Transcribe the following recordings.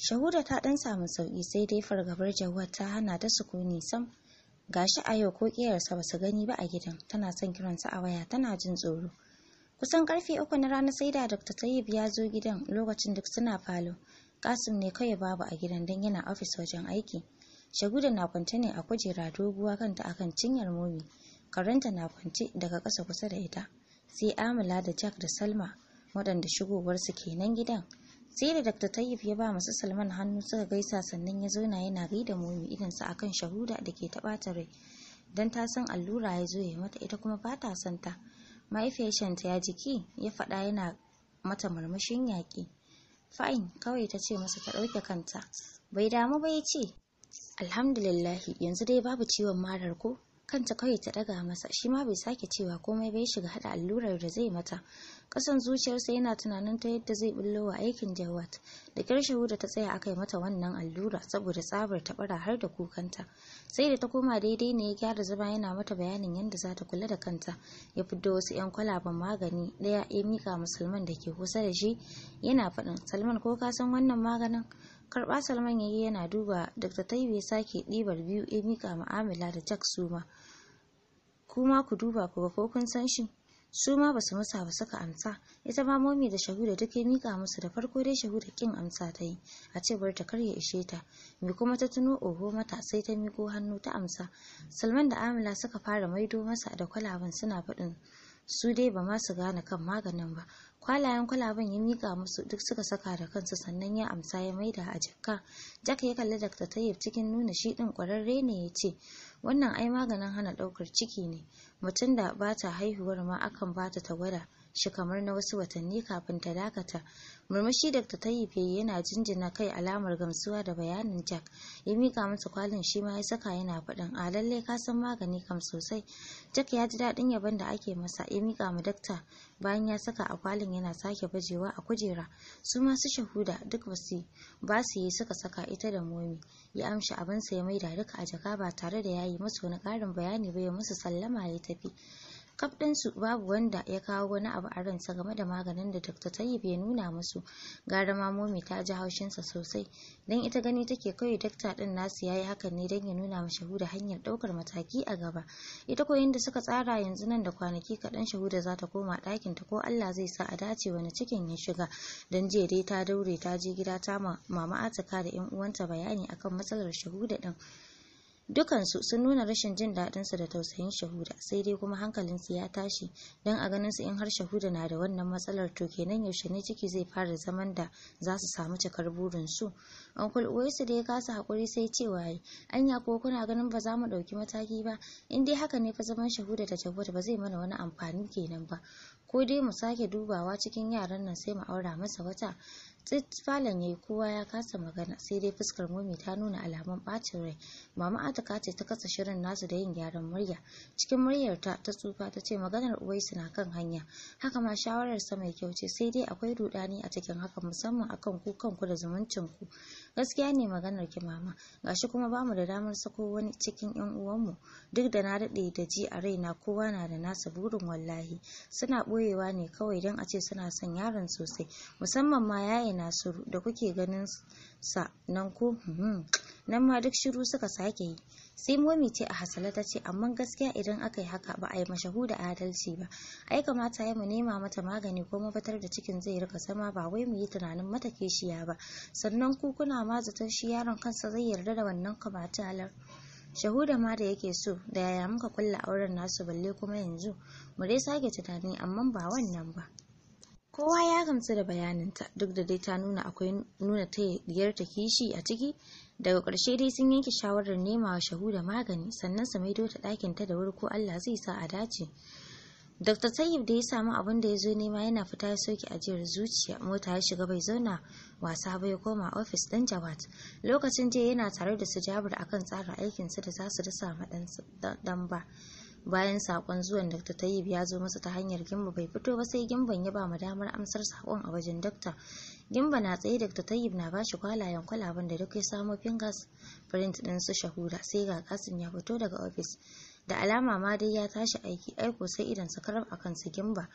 Shahuda ta ɗan samu sauƙi sai dai fargabar Jawad ta hana ta sukuni sam. Gashi a yau ko ƙiyarsa ba su gani ba a gidan, tana son kiransa a waya tana jin tsoro. Kusan karfe uku na rana sai da Dr. Tayyib ya zo gidan lokacin duk suna falo. Kasim ne kawai babu a gidan don yana ofis wajen aiki. Shaguda na kwance ne a kujera doguwa kanta a kan cinyar momi. Karanta na kwance daga ƙasa kusa da ita. Sai Amila da Jack da Salma waɗanda shigowarsu kenan gidan. sai da dr tayyib ya ba masu salman hannu suka gaisa sannan ya zauna yana gaida momi idansa akan shahuda da ke ta rai don ta san allura ya zo ya mata ita kuma ba ta son ta mahaifiyarta ya jiki ya faɗa yana mata murmushin yaƙi fa'in kawai ta ce masa ta ɗauke kanta bai damu ba ya ce alhamdulillahi yanzu dai babu ciwon marar ko kanta kawai ta daga masa shi ma bai sake cewa komai bai shiga hada allurar da zai mata kasan zuciyarsa yana tunanin ta yadda zai bullo wa aikin jawat da kyar da ta tsaya aka yi mata wannan allura saboda tsabar ta bara har da kukanta sai da ta koma daidai ne ya gyara zama yana mata bayanin yadda za ta kula da kanta ya fiddo wasu yan kwalaben magani daya ya mika musulman da ke kusa da shi yana faɗin salman ko ka san wannan maganin karɓa salman ya yi yana duba dr taibe sake ɗibar biyu ya mika ma'amala da jack suma kuma ku duba ku ga ko kun san shi su ma ba su masa ba suka amsa ita ma momi da shahuda duk ya mika musu da farko dai shahuda kin amsa ta yi a bar ta karya ishe ta me kuma ta tuno oho mata sai ta miko hannu ta amsa salman da amila suka fara maido masa da kwalaban suna faɗin su dai ba ma su gane kan maganin ba kwalayen kwalaban ya mika musu duk suka saka da kansu sannan ya amsa ya maida a jakka jaka ya kalli da tayyib cikin nuna shi din kwararre ne ya ce wannan ai maganin hana ɗaukar ciki ne mutum da bata haihuwar ma akan bata ta gwada shi kamar na wasu watanni kafin ta dakata murmushi da ta yi yana jinjina kai alamar gamsuwa da bayanin jack ya mika masa kwalin shi ma ya saka yana faɗin a lallai ka san magani kam sosai jack ya ji daɗin yabon da ake masa ya mika ma dakta bayan ya saka a kwalin yana sake bajewa a kujera su masu shahuda duk basu ba su yi suka saka ita da momi ya amshi abinsa ya maida duka a jaka ba tare da ya yi musu wani ƙarin bayani ba ya musu sallama ya tafi kaf su babu wanda ya kawo wani abu a ransa game da maganin da dr tayyib ya nuna musu gara ma ta ji haushinsa sosai don ita gani take kawai dakta ɗin nasu ya yi hakan ne don ya nuna ma shahuda hanyar ɗaukar mataki a gaba ita ko yadda suka tsara yanzu nan da kwanaki kaɗan shahuda za ta koma ɗakinta ko allah zai sa a dace wani cikin ya shiga don jiya dai ta daure ta je gida ta mama atika da 'yan uwanta bayani akan matsalar shahuda ɗin dukansu sun nuna rashin jin daɗinsu da tausayin shahuda sai dai kuma hankalinsu ya tashi don a ganinsu in har shahuda na da wannan matsalar to kenan yaushe ne ciki zai fara zaman da za su samu cikar burinsu ankul uwaisu da ya kasa haƙuri sai cewa yi anya ko kuna ganin ba za mu ɗauki mataki ba in dai haka ne fa zaman shahuda da jagwada ba zai mana wani amfani kenan ba ko dai mu sake dubawa cikin yaran nan sai mu aura masa wata tsit falon yayi kowa ya kasa magana sai dai fuskar momi ta nuna alamun bacin rai mama atika ce ta kasa shirin nasu da yin gyaran murya cikin muryar ta ta tsufa ta ce maganar uwaisu na kan hanya haka ma shawarar sa mai kyau ce sai dai akwai rudani a cikin haka musamman akan ku kanku da zumuncin ku gaskiya ne maganar ki mama gashi kuma bamu da damar sako wani cikin yan uwanmu duk da na daɗe da ji a raina kowa na da nasa burin wallahi suna ɓoyewa ne kawai don a ce suna son yaron sosai musamman ma yayin shiru da kuke ganin sa nan ko hmm, nan ma duk shiru suka sake yi sai momi ce a hasala ta ce amma gaskiya idan aka yi haka ba a yi mashahu da adalci ba ai kamata ya mu nema mata magani ko batar da cikin zai rika zama ba wai mu yi tunanin mata kishiya ba sannan ku kuna ma zaton shi yaron kansa zai yarda da wannan kamatalar shahuda ma da yake so da yaya muka kulle auren nasu balle kuma yanzu mu dai sake tunani amma ba wannan ba kowa ya gamsu da bayaninta duk da dai ta nuna akwai nuna ta diyarta kishi a ciki daga ƙarshe dai sun yanke shawarar nema wa shahuda magani sannan su maido ta ɗakin ta da wuri ko Allah zai sa a dace Dr. Tayyib da ya samu abin da ya zo nema yana fita ya soke ajiyar zuciya mota ya shiga bai zauna wasa ba koma ofis ɗin Jawad lokacin jiya yana tare da su Jabir akan tsara aikinsu da za su rasa ma ɗan ba. bayan sakon zuwan Dr. Tayyib ya zo masa ta hanyar Gimba bai fito ba sai Gimban ya ba mu damar amsar sakon a wajen Dr. Gimba na tsaye Dr. Tayyib na bashi kwalayen kwalaben da duk ya samo fingers print din su shahura sai ga Kasim ya fito daga office da alama ma dai ya tashi aiki aiko sai idan sa karab akan su Gimba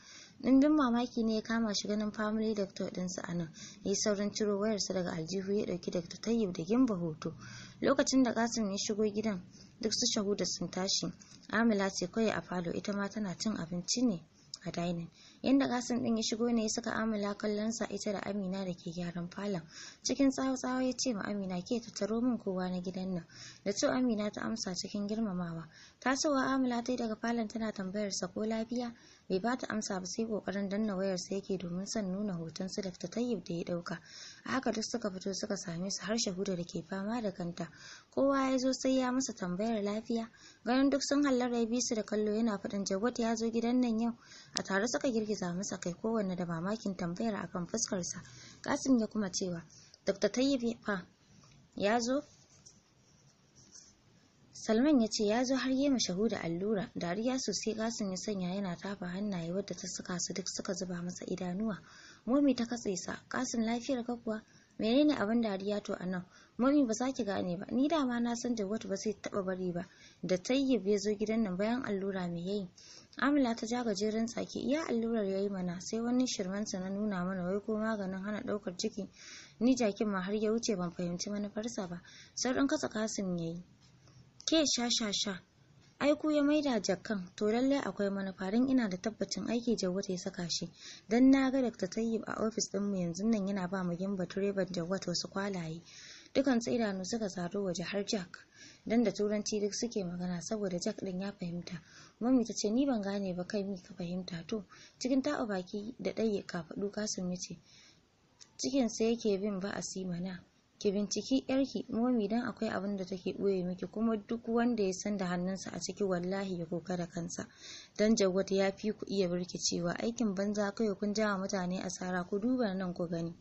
ɗimbin mamaki ne ya kama shi ganin family doctor ɗinsa a nan yi saurin ciro wayarsa daga aljihu ya ɗauki Dr. Tayyib da Gimba hoto lokacin da Kasim ya shigo gidan duk su da sun tashi amila ce kawai a falo ita ma tana cin abinci ne a dining yadda kasan din ya shigo ne ya saka amila kallon sa ita da amina da ke gyaran falon cikin tsawo-tsawo ya ce ma amina ke ta taro min kowa na gidan nan da ce amina ta amsa cikin girmamawa tasowa amila ta yi daga falon tana tambayar sa ko lafiya bai ba ta amsa ba sai kokarin danna wayar sa yake domin son nuna hoton su da ta tayyib da ya ɗauka. a haka duk suka fito suka same su har shahuda da ke fama da kanta kowa ya zo sai ya masa tambayar lafiya ganin duk sun hallara ya bi su da kallo yana faɗin jagwata ya zo gidan nan yau a tare suka girgiza masa kai kowanne da mamakin tambayar akan fuskarsa kasim ya kuma cewa dr tayyib fa ya zo Salman ya ce ya zo har yi da allura, dariya sosai gasin ya sanya yana tafa hannaye wadda ta saka su duk suka zuba masa idanuwa. Momi ta katse sa, kasim lafiyar ka kuwa? Menene abin dariya to a nan? Momi ba za ki gane ba, ni dama na san da Jawatu ba zai taɓa bari ba, da Tayyib ya zo gidan nan bayan allura me yayi. Amila ta ja gajeren tsaki iya allurar yayi mana sai wani shirmansa na nuna mana wai ko maganin hana ɗaukar ciki. Ni jakin ma har ya wuce ban fahimci manufarsa ba, saurin kasa kasin yayi. ke sha sha sha aiku ya maida jakan to lallai akwai manufa ina da tabbacin aiki jawwat ya saka shi don na ga dr tayyib a ofis ɗinmu yanzu nan yana ba mu gimba direban ta wasu kwalaye dukan idanu suka sado waje har jack don da turanci duk suke magana saboda jack din ya fahimta mami ta ce ni ban gane ba kai mi ka fahimta to cikin taɓa baki da ɗaya kafaɗu kasim ya ce cikinsa yake bin ba a simana ki binciki yarki momi dan akwai abin da take ɓoye miki kuma duk wanda ya san da hannunsa a ciki wallahi ya koka da kansa dan jawwata ya fi ku iya birkicewa aikin banza kawai kun jawa mutane asara ku duba nan ku gani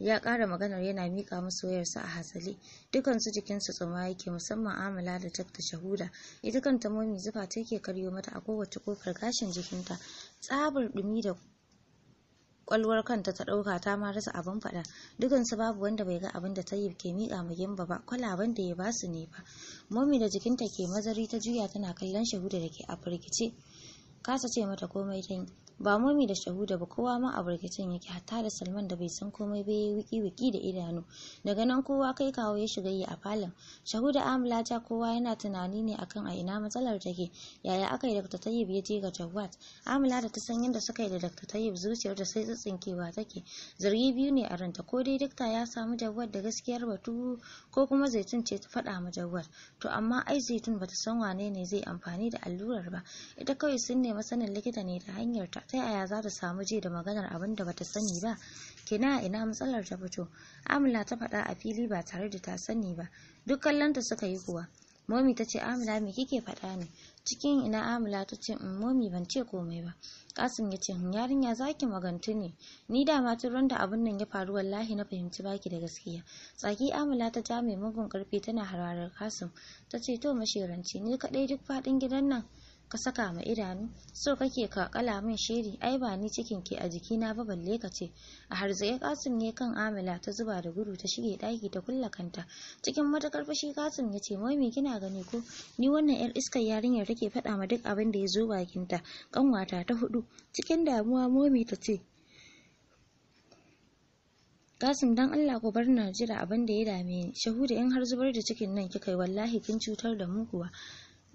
ya ƙara maganar yana miƙa musu wayarsa a hasale dukansu jikinsu tsuma yake musamman amala da jakta shahuda ita kanta momi zufa take karyo mata a kowace kofar gashin jikinta tsabar ɗumi da kwalwar kanta ta ɗauka ta ma rasa abin faɗa dukansu babu wanda bai ga abin da ta yi ke miƙa ma gimba ba kwalaban da ya basu ne ba momi da jikinta ke mazari ta juya tana kallon shahuda da ke a firgice kasa ce mata komai ta ba momi da shahuda ba kowa ma a burgicin yake hatta da salman da bai san komai ba yayi wiki wiki da idanu daga nan kowa kai kawo ya shiga yi a falon shahuda amla ta kowa yana tunani ne akan a ina matsalar take yaya aka yi dr tayyib ya je ga jawad amla da ta san yadda suka yi da dr tayyib zuciyar da sai tsinkewa take zargi biyu ne a ranta ko dai dakta ya samu jawad da gaskiyar batu ko kuma zaitun ce ta faɗa ma jawad to amma ai zaitun bata san wane ne zai amfani da allurar ba ita kawai sun nema sanin likita ne ta hanyar ta ta yaya za ta samu ji da maganar abin da bata sani ba kina ina matsalar ta fito amila ta faɗa a fili ba tare da ta sani ba duk kallonta suka yi kuwa momi ta ce amila me kike faɗa ne cikin ina amila ta ce in mm, momi ban ce komai ba kasim ya ce mm, yarinya zaki magantu ne ni dama tun da abin nan ya faru wallahi na fahimci baki da gaskiya tsaki amila ta ja mai mugun karfi tana hararar kasim ta ce to mashiranci ni kaɗai duk faɗin gidan nan ka saka ma idanu so kake ka kala min shiri ai ba ni cikin ke a jikina ba balle ka ce a harzaye kasim ne kan amila ta zuba da gudu ta shige daki ta kulla kanta cikin matakar fashi kasim ya ce mami kina gani ko ni wannan yar iskar yarinyar take faɗa ma duk abin da ya zo bakinta kanwata ta hudu cikin damuwa momi ta ce Kasim dan Allah ku bar Najira abin da ya dame ni. Shahuda in har zubar da cikin nan kika yi wallahi kin cutar da mu kuwa.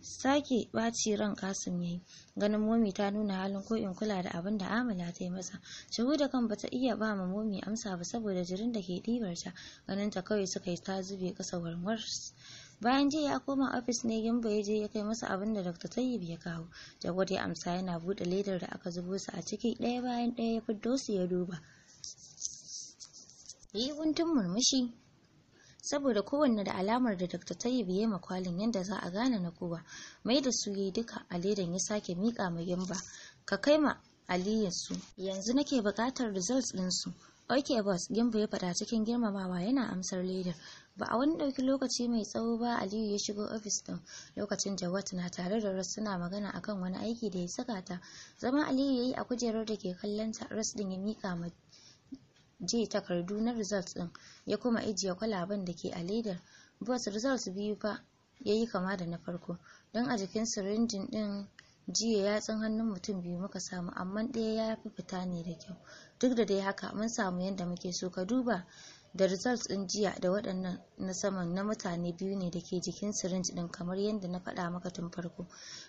sake ɓaci ran kasim yayi ganin momi ta nuna halin ko in kula da abin da amala ta yi masa shigo da kan bata iya ba ma momi amsa ba saboda jirin da ke ɗibar ta ganin ta kawai suka yi ta zube ƙasa warwar bayan jiya ya koma ofis ne gimba ya je ya kai masa abin da dr tayyib ya kawo jagwar ya amsa yana buɗe ledar da aka zubo su a ciki ɗaya bayan ɗaya ya fiddo su ya duba yi guntun murmushi saboda kowanne da alamar da Dr. Tayyib ya ma kwalin yadda za a gane na kowa mai da su yi duka a ledar ya sake miƙa ma yamba ka kai ma Aliyu su yanzu nake buƙatar results din su Ok boss, Gimbo ya faɗa cikin girmamawa yana amsar ledar. Ba a wani ɗauki lokaci mai tsawo ba Aliyu ya shigo ofis ɗin lokacin jawat na tare da Ras suna magana kan wani aiki da ya saka ta. Zama Aliyu ya yi a kujerar da ke kallon ta Ras ɗin ya miƙa ma je takardu na results din ya kuma ijiye kwalaben da ke a ledar but results biyu fa ya yi kama da na farko don a jikin sirinjin din jiya yatsun hannun mutum biyu muka samu amma ɗaya ya fi fita ne da kyau duk da dai haka mun samu yadda muke so ka duba da results din jiya da waɗannan na saman na mutane biyu ne da ke jikin syringe din kamar yadda na faɗa maka tun farko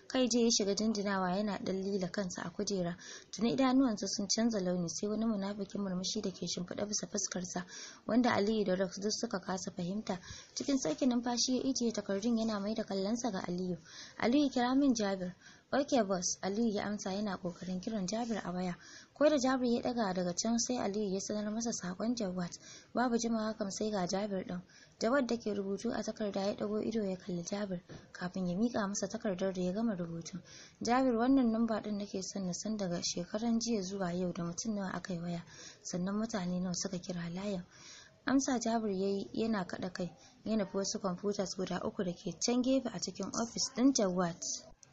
kai je ya shiga jinjinawa yana ɗan lila kansa a kujera tuni idanuwansa sun canza launi sai wani munafikin murmushi da ke shimfiɗa bisa fuskarsa wanda aliyu da rox duk suka kasa fahimta cikin sauƙin numfashi ya ijiye takardun yana mai da kallonsa ga aliyu aliyu kira min jabir ok boss aliyu ya amsa yana ƙoƙarin kiran jabir a waya ko da jabir ya ɗaga daga can sai aliyu ya sanar masa sakon jawad babu jimawa kam sai ga jabir din jawad da ke rubutu a takarda ya dago ido ya kalli jabir kafin ya mika masa takardar da ya gama rubutu jabir wannan namba din nake son na san daga shekaran jiya zuwa yau da mutum nawa aka yi waya sannan mutane nawa suka kira layin amsa jabir ya yi yana kaɗa kai ya nufi wasu kwamfutas guda uku da ke can gefe a cikin ofis ɗin jawad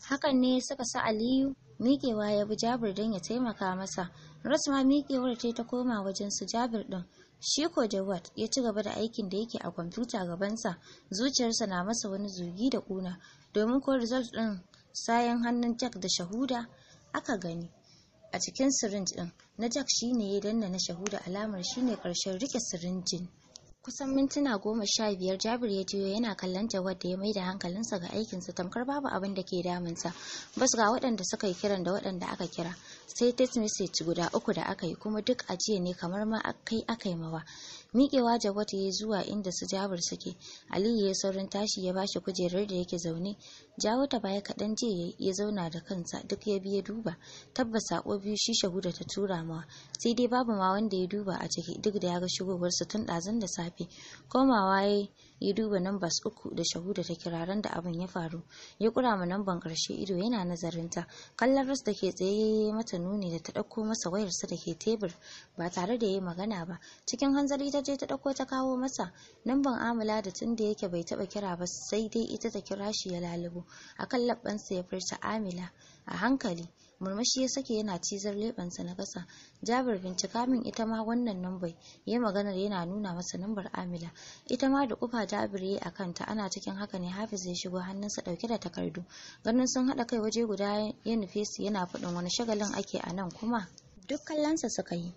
hakan ne suka sa aliyu miƙewa ya bi jabir don ya taimaka masa rasma miƙewar ce ta koma wajen su jabir ɗin shi ko jawad ya ci gaba da aikin da yake a kwamfuta gabansa zuciyarsa na masa wani zugi da ƙuna domin ko result ɗin sayan hannun jack da shahuda aka gani a cikin sirinj ɗin na jack shine ya danna na shahuda alamar shine ƙarshen riƙe sirinjin kusan mintuna goma sha biyar jabir ya jiyo yana kallon jawad da ya mai da hankalinsa ga aikinsa tamkar babu abin da ke damunsa bas ga waɗanda suka yi kiran da waɗanda aka kira sai text message guda uku da aka yi kuma duk ajiye ne kamar ma kai aka mawa miƙewa jawata ya zuwa inda su jabir suke aliyu ya saurin tashi ya bashi kujerar da yake zaune jawata baya kaɗan je ya zauna da kansa duk ya biya duba tabbas sako biyu shi shahuda ta tura mawa sai dai babu ma wanda ya duba a ciki duk da ya ga shigowarsa tun ɗazun da safe komawa ya yi duba nambas uku da shahuda ta kiraran da abin ya faru ya kura ma namban karshe ido yana nazarin ta kallon ras da ke tsaye ya mata nuni da ta ɗauko masa wayarsa da ke tebur ba tare da ya yi magana ba cikin hanzari ta je ta ɗauko ta kawo masa namban amala da tun da yake bai taba kira ba sai dai ita ta kira shi ya lalubo akan sa ya furta amila a hankali murmushi ya sake yana cizar sa na ƙasa jabir bincika min ita ma wannan nambai ya maganar yana nuna masa nambar amila ita ma da kufa jabir yayi akan ta ana cikin haka ne hafiz ya shigo hannunsa ɗauke da takardu ganin sun haɗa kai waje guda ya nufe yana faɗin wani shagalin ake a nan kuma duk kallonsa suka yi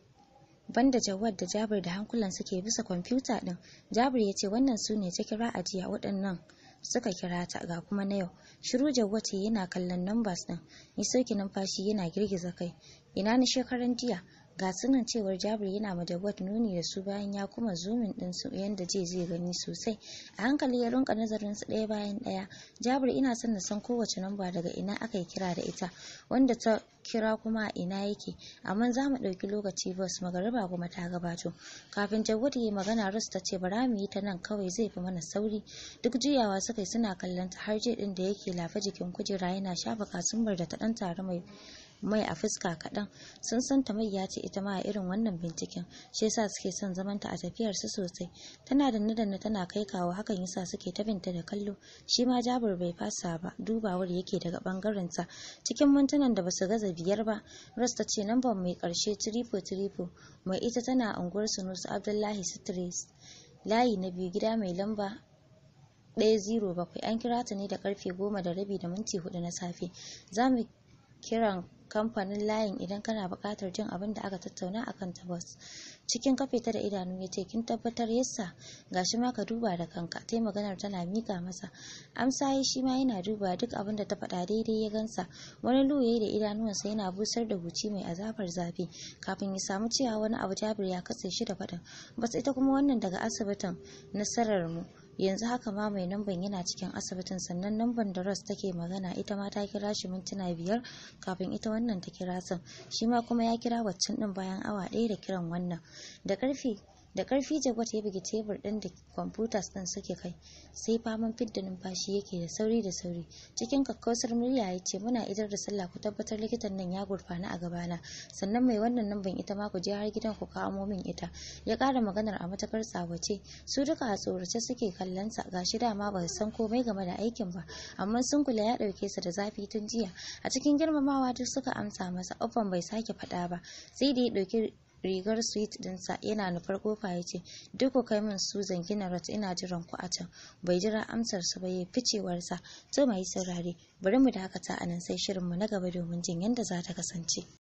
banda Jawad da Jabir da hankulan suke bisa kwamfuta din Jabir ya ce wannan su ne ta kira a jiya waɗannan suka kira ta ga kuma na yau shiru Jawad yana kallon numbers din Ni sauke numfashi yana girgiza kai ina ni shekaran jiya ga sunan cewar jabir yana ma jawad nuni da su bayan ya kuma zumin din su yanda je zai gani sosai a hankali ya rinka nazarin su ɗaya bayan ɗaya jabir ina son na san kowace namba daga ina aka yi kira da ita wanda ta kira kuma a ina yake amma za mu ɗauki lokaci bas magariba kuma ta gabato kafin jawad ya magana rus ta ce bara mu yi ta nan kawai zai fi mana sauri duk juyawa suka yi suna kallon ta har je ɗin da yake lafa jikin kujera yana shafa kasumbar da ta ɗan tare mai mai a fuska kaɗan sun san ya ce ita ma a irin wannan binciken shi yasa suke son zamanta a tafiyar su sosai tana da danne tana kai kawo hakan yasa suke ta binta da kallo shi ma jabir bai fasa ba dubawar yake daga bangaren sa cikin mintunan da basu gaza biyar ba rasta ta ce lambar mai karshe tripo tripo mai ita tana unguwar sunusu abdullahi stress layi na biyu gida mai lamba bakwai an kira ta ne da karfe goma da rabi da minti hudu na safe za mu kiran kamfanin layin idan kana buƙatar jin abin da aka tattauna a kan tabbas cikin kafe ta da idanu ya ce kin tabbatar yassa shi ma ka duba da kanka tai maganar tana miƙa masa amsa yi shi ma yana duba duk abin da ta faɗa daidai ya gansa wani luye da idanuwansa yana busar da huci mai azabar zafi kafin ya samu cewa wani abu jabir ya katse shi da faɗin bas ita kuma wannan daga asibitin nasarar mu yanzu haka ma mai namban yana cikin asibitin sannan namban da ross take magana ita ma ta kira shi mintuna biyar kafin ita wannan ta kira san shi ma kuma ya kira waccan din bayan awa ɗaya da kiran wannan da karfe da ƙarfi jagwat ya bugi tebur ɗin da kwamfutas ɗin suke kai sai faman fidda numfashi yake da sauri da sauri cikin kakkausar murya ya ce muna idar da sallah ku tabbatar likitan nan ya gurfana a gabana sannan mai wannan namban ita ma ku je har gidan ku kawo min ita ya ƙara maganar a matakar tsawace su duka a tsorace suke kallonsa ga gashi dama ba su san komai game da aikin ba amma sun kula ya ɗauke su da zafi tun jiya a cikin girmamawa duk suka amsa masa ofan bai sake faɗa ba sai da ya ɗauki rigar suit dinsa yana nufar kofa ya ce duk ku kai min su na rot ina jiran ku a can bai jira amsar su ba ya ficewarsa to mai saurare bari mu dakata a nan sai shirinmu na gaba domin jin yadda za ta kasance.